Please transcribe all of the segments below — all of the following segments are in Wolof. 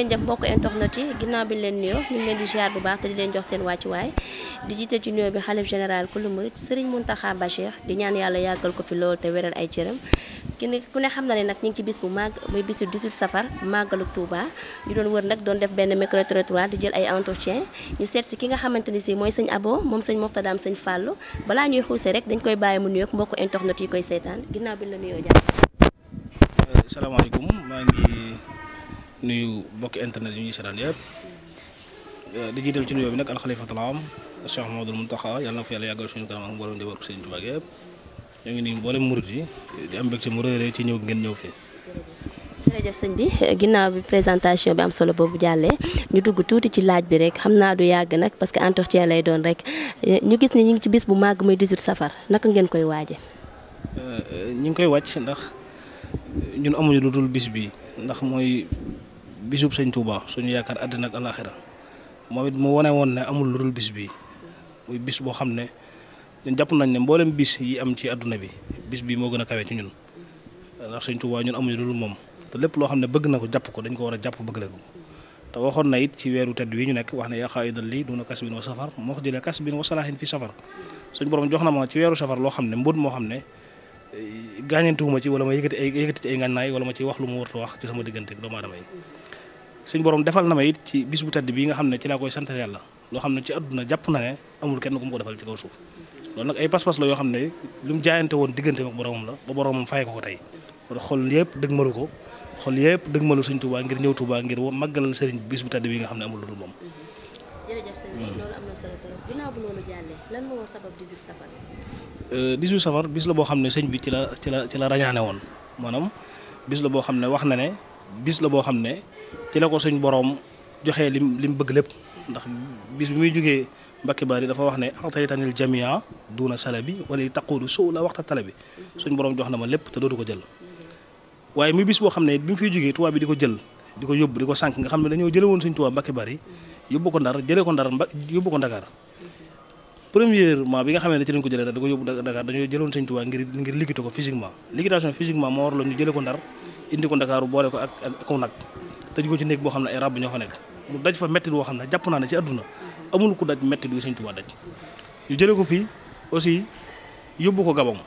ngeen jëf mbokk internet yi ginnaaw bi leen nuyoo ñu ngi leen di ziar bu baax te di leen jox seen wàccuwaay di jiite ci nuyoo bi xalif général ku lu murit sëriñ Muntaxa Bachir di ñaan yàlla yàggal ko fi lool te wéral ay cëram ku ne xam na ne nag ñu ngi ci bis bu màgg muy bisu 18 safar màggalu Touba ñu doon wër nag doon def benn micro trottoir di jël ay entretien ñu seet si ki nga xamante ni si mooy sëñ Abo moom sëñ Moxtadaam sëñ Fàllu balaa ñuy xuuse rek dañ koy bàyyi mu nuyoog mbokk internet yi koy seetaan ginnaaw bi la nuyu bokki internet yi ñuy seetaan yëpp euh, di jiital ci nuyoo bi nag alxalifatul am Cheikh Mamadou Mountakha yàlla na fa yàlla yàggal suñu kanam ak mboolem njaboot Sëriñ Tuubaa yëpp ñoo ngi nii mboolem murit yi di am mbégte mu réeré ci ñëw ngeen ñëw fii. jërëjëf sëñ bi ginnaaw bi présentation bi am solo boobu jàllee ñu dugg tuuti ci laaj bi rek xam naa du yàgg nag parce que entretien lay doon rek ñu gis ni ñu ngi ci bis bu màgg muy 18 safar naka ngeen koy waaje euh, ñu ngi koy wàcc ndax ñun lu dul bis bi ndax mooy bisub sëñ Touba suñu yaakaar àddina ak alaaxira moom it mu wane woon ne amul lu dul bis bii muy bis boo xam ne ñun jàpp nañ ne mboolem bis yi am ci àdduna bi bis bii moo gën a kawe ci ñun ndax sëñ Touba ñun amuñu lu dul moom loo xam ne bëgg na ko jàpp ko dañ ko a jàpp bëgg la te waxoon na it weeru tedd ñu nekk wax ne yaa xaayidal lii duna kas bin wa safar moo ko jëlee kas wa salaahin fi safar suñ borom jox na ma ci weeru safar loo xam ne mbóot moo xam ne eh, gaañantuwuma ci wala ma yëkkati ay ci ay ngànnaay wala ma ci wax lu mu wartu wax ci sama diggante doomu aadama yi suñ borom defal na ma it ci bis bu tedd bii nga xam ne ci laa koy sant yàlla loo xam ne ci àdduna jàpp na ne amul kenn ku mu ko defal ci kaw suuf loolu nag ay pas-pas la yoo xam ne lu mu jaayante woon diggante ak boromam la ba boromam ko ko tey xol yëpp dëgmalu ko xol yëpp dëgmalu sëñ Touba ngir ñëw Touba ngir màggalal sëriñ bi bu tedd bi na solo trop ginnaaw bu euh, safar. bis la boo xam ne sëñ bi ci la ci la ci la rañaane woon maanaam bis la boo xam ne wax na ne bis la boo xam ne ci ko suñ boroom joxee li lim bëgg lépp ndax bis bi muy jógee Mbacke Bari dafa wax ne ataytanil jamia duuna salabi wala taqudu sow la waxta talabi suñ boroom jox na ma lépp te dootu ko jël waaye muy bis boo xam ne bi mu fiy jógee tubaab bi di ko jël di ko yóbbu di ko sànq nga xam ne dañoo jële woon suñ tubaab Mbacke Bari yóbbu ko ndar jëlee ko ndar mba yóbbu ko Dakar premièrement bi nga xamee ne jëlee ko yóbbu ngir ngir liquider ko physiquement liquidation indi ko ndakaaru boole ko ak ak kaw nag tëj ko ci néeg boo xam ne ay rab ñoo ko nekk mu daj fa mettit woo xam ne jàpp naa ne ci àdduna amul ku daj mettit yu Sëñ Tuubaa daj ñu jëlee ko fii aussi yóbbu ko Gabon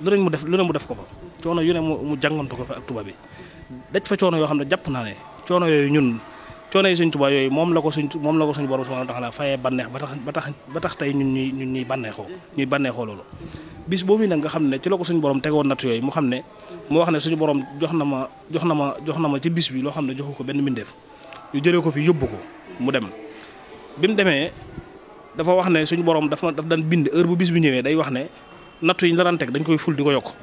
lu ne mu def lu ne def ko fa coono yu ne mu jàngantu ko fa ak tubaab bi daj fa yoo xam ne jàpp naa ne coono yooyu ñun coono yi Sëñ Tuubaa yooyu moom la ko suñ moom la ko suñu borom subhaanahu wa taala fayee banneex ba tax ba tax ba tey ñun ñuy ñun ñuy bànneexoo ñuy bànneexoo loolu bis boobu nag nga xam ne ci la ko suñu borom tegoon natt yooyu mu xam ne moo wax ne suñu borom jox na ma jox na ma jox na ma ci bis bi loo xam ne joxu ko benn mbindeef ñu jëlee ko fi yóbbu ko mu dem bi mu demee dafa wax ne suñu borom dafa daf daan bind heure bu bis bi ñëwee day wax ne nattu yi ñu daan teg dañ koy ful di ko yokk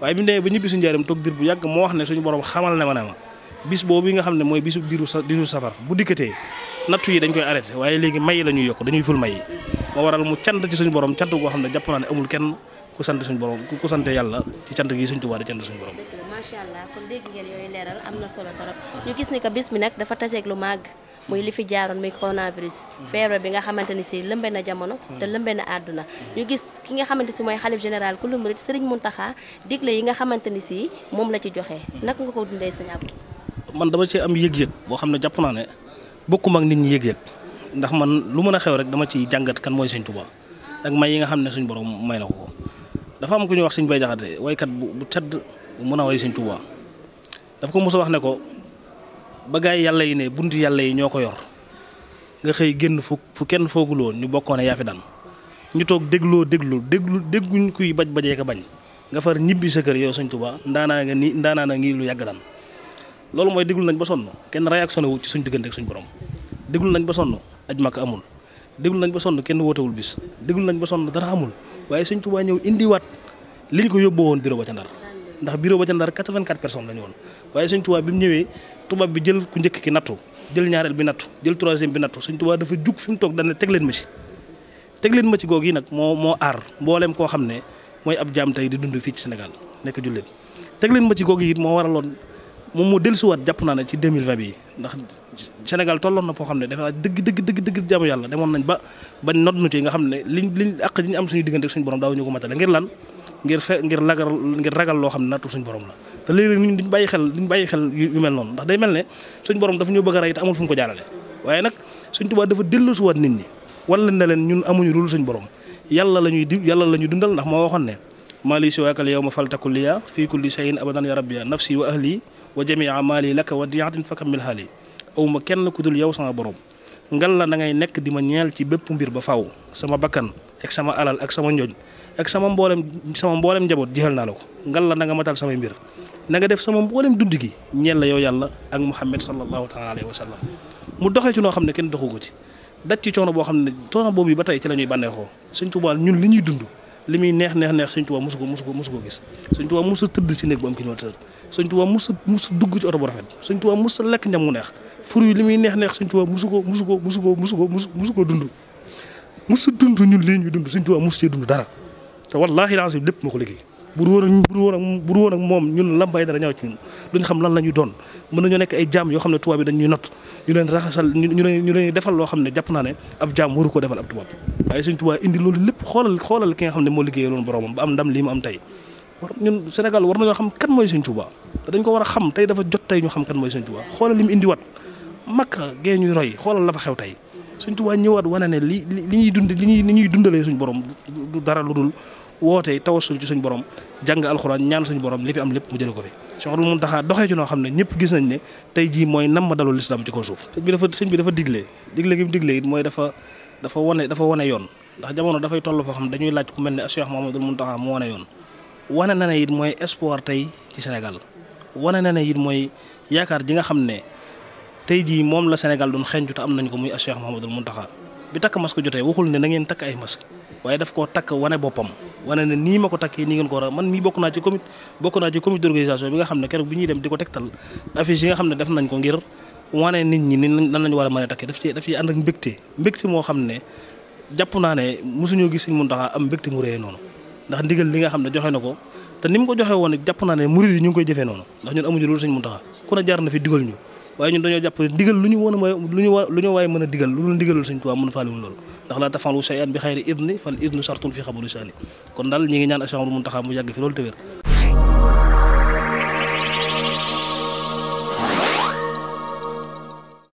waaye bi mu demee ba ñibbi suñu njaaram toog dir bu yàgg moo wax ne suñu borom xamal ne ma ne ma bis boobu yi nga xam ne mooy bisu diiru sa diiru safar bu dikkatee nattu yi dañ koy arrêté waaye léegi may la ñuy yokk dañuy ful may yi moo waral mu borom cant goo xam ne jàpp naa ne amul ku sant suñu borom ku sant yàlla ci cant gi suñ Tuubaa di cant suñu borom. na solo torop ñu lu màgg muy li fi jaaroon muy coronavirus. bi nga xamante ni si lëmbe na jamono. te lëmbe na àdduna. ñu ki nga xamante si mooy xalif général ku murit Serigne Mountakha digle yi nga xamante ni si moom la ci joxe. naka nga ko dundee sëñ Abdou. man dama cee boo xam ne jàpp naa ne bokkuma ak nit ñi yëg-yëg ndax man lu mën a xew rek ci jàngat kan mooy sëñ Tuubaa ak may yi nga xam ne suñ borom may na ko ko dafa am ko ñuy wax suñu Bay Jaxate waykat bu bu tedd bu mën a way sëñ Tuubaa daf ko mos wax ne ko ba yàlla yi ne bunt yàlla yi ñoo ko yor nga xëy génn fu kenn fooguloo ñu bokkoo ne yaa fi daan ñu toog dégloo déglu déglu dégguñ kuy baj bajee ko bañ nga far ñibbi sa kër yow sëñ Tuubaa ndaanaa nga ni ndaanaa ngi lu yàgg daan loolu mooy déglu nañ ba sonn kenn réaction wu ci suñ diggante ak suñ borom déglu nañ ba sonn aj makk amul déglu nañ ba son kenn wootewul bis déglu nañ ba sonn dara amul waaye Sëñ Tuubaa ñëw indiwaat li ñu ko yóbbu woon bureau ba ca Ndar ndax bureau ba ca Ndar 84 personnes la ñu woon waaye Sëñ Tuubaa bi mu ñëwee tubaab bi jël ku njëkk ki nattu jël ñaareel bi nattu jël troisième bi nattu Sëñ Tuubaa dafa jug fi mu toog daan ne teg leen ma ci teg leen ma ci googu yi nag moo moo aar mbooleem koo xam ne mooy ab jaam tey di dund fii ci senegal nekk jullit teg leen ma ci googu yi moo waraloon moom moo dellusiwaat jàpp naa ne ci 2020 bi ndax Sénégal tolloon na foo xam ne defe naa dëgg dëgg dëgg dëgg jaamu yàlla demoon nañ ba ba nodd nu ci nga xam ne li liñ ñu am suñu diggante ak suñu borom daaw ñu ko matale ngir lan ngir fe ngir lagal ragal loo xam ne nattu suñu borom la te léegi ñu bàyyi xel duñ bàyyi xel yu mel noonu ndax day mel ne suñu borom dafa ñu bëgg a rey te amul fu mu ko jaarale waaye nag suñ tubaab dafa dellusiwaat nit ñi wala ne leen ñun amuñu loolu suñ borom yàlla la ñuy di yàlla la ñuy dundal ndax moo waxoon ne maa li siwaakal yow ma faltakul liya fii kulli shay'in abadan ya rabbiya nafsi wa ahli wa jamia maali laka wa diatin fa kammil haali aw ma kenn ku dul sama borom ngal la na ngay nekk di ma ñeel ci bépp mbir ba faw sama bakkan ak sama alal ak sama njoñ ak sama mboolem sama mboolem njaboot jeexal naa la ko ngal la na nga matal samay mbir na nga def sama mboolem dund gi ñeel la yow yàlla ak muhammad sallallahu taala alayhi wa sallam mu doxee ci noo xam ne kenn doxu ko ci daj ci coono boo xam ne coono boobu ba tey ci la ñuy bànneexoo Sëñ Tuubaa li muy neex neex neex Sëñ Tuubaa mosu ko mosu ko mosu ko gis Sëñ Tuubaa mosu tëdd ci néeg bu am climatiseur Sëñ Tuubaa mosu mosu dugg ci oto bu rafet Sëñ Tuubaa mosu lekk ñam mu neex fur li muy neex neex Sëñ Tuubaa mosu ko mosu ko mosu ko mosu ko mosu ko dund mosu dund ñun lii ñuy dund Sëñ Tuubaa mosu cee dund dara te wallaahi laa lépp moo ko liggéey bu dul woon bu dul woon ak moom ñun lambay dara ñaaw ci ñun ñu xam lan la ñu doon mën nañoo nekk ay jaam yoo xam ne tubaab bi dañ ñuy not ñu leen raxasal ñu leen ñu leen defal loo xam ne jàpp naa ne ab jaam waru ko defal ab tubaab waaye suñ tubaab indi loolu lépp xoolal xoolal xam ne moo liggéeyee loolu boromam ba am ndam lii mu am tey war ñun Sénégal war nañoo xam kan mooy Sëñ Tuubaa te dañ ko war a xam tey dafa jot tey ñu xam kan mooy Sëñ Tuubaa xoolal li mu indiwaat makka gee ñuy roy xoolal la xew tey Sëñ Tuubaa ñëwaat wane ne li li ñuy dund li ñuy li ñuy dundalee suñ borom du dara lu dul wootee tawasul ci suñ borom jàng alxuraan ñaan suñ borom li fi am lépp mu jële ko fi Cheikh Abdou Mountakha doxee ci noo xam ne ñëpp gis nañ ne tey jii mooy nam ma dalul suuf sëñ bi dafa sëñ bi dafa digle digle it mooy dafa dafa wane dafa wane yoon ndax jamono dafay toll foo xam dañuy laaj ku mel ne Cheikh Mouhamadoul Mountakha mu wane yoon wane na ne it mooy espoir tey ci Sénégal wane na ne it mooy yaakaar ji nga xam ne tey jii moom la Sénégal doon xencu te am nañ ko muy Cheikh Mouhamadoul Mountakha bi takk masque jotee waxul ne na ngeen takk ay masque waaye daf koo takk wane boppam wane ne nii ma ko takkee nii ngeen ko war man mii bokk naa ci comité bokk naa ci comité d'organisation nga xam ne keroog bi ñuy dem di ko tegtal affiche nga xam ne def nañ ko ngir wane nit ñi nan lañ war a mën a takkee daf ci daf ciy ànd ak mbégte mbégte moo xam ne jàpp naa ne mosuñoo gis mun Muntaxa am mbégte mu réy noonu ndax ndigal li nga xam ne joxe na ko te ni mu ko joxe woon jàpp naa ne murid yi ñu ngi koy jëfee noonu ndax ñun amuñu loolu Sëñ Muntaxa ku ne jaar na fi digal ñu waaye ñun dañoo jàpp ndigal lu ñu woon mooy lu ñu lu ñu waaye mën a digal lu dul ndigalul Sëñ Tuubaa mën faaliwul loolu ndax laa tafalu shay'an bi xayri idni fal idnu sartun fi xabaru saani kon daal ñi ngi ñaan Cheikh Mountakha mu yàgg fi loolu te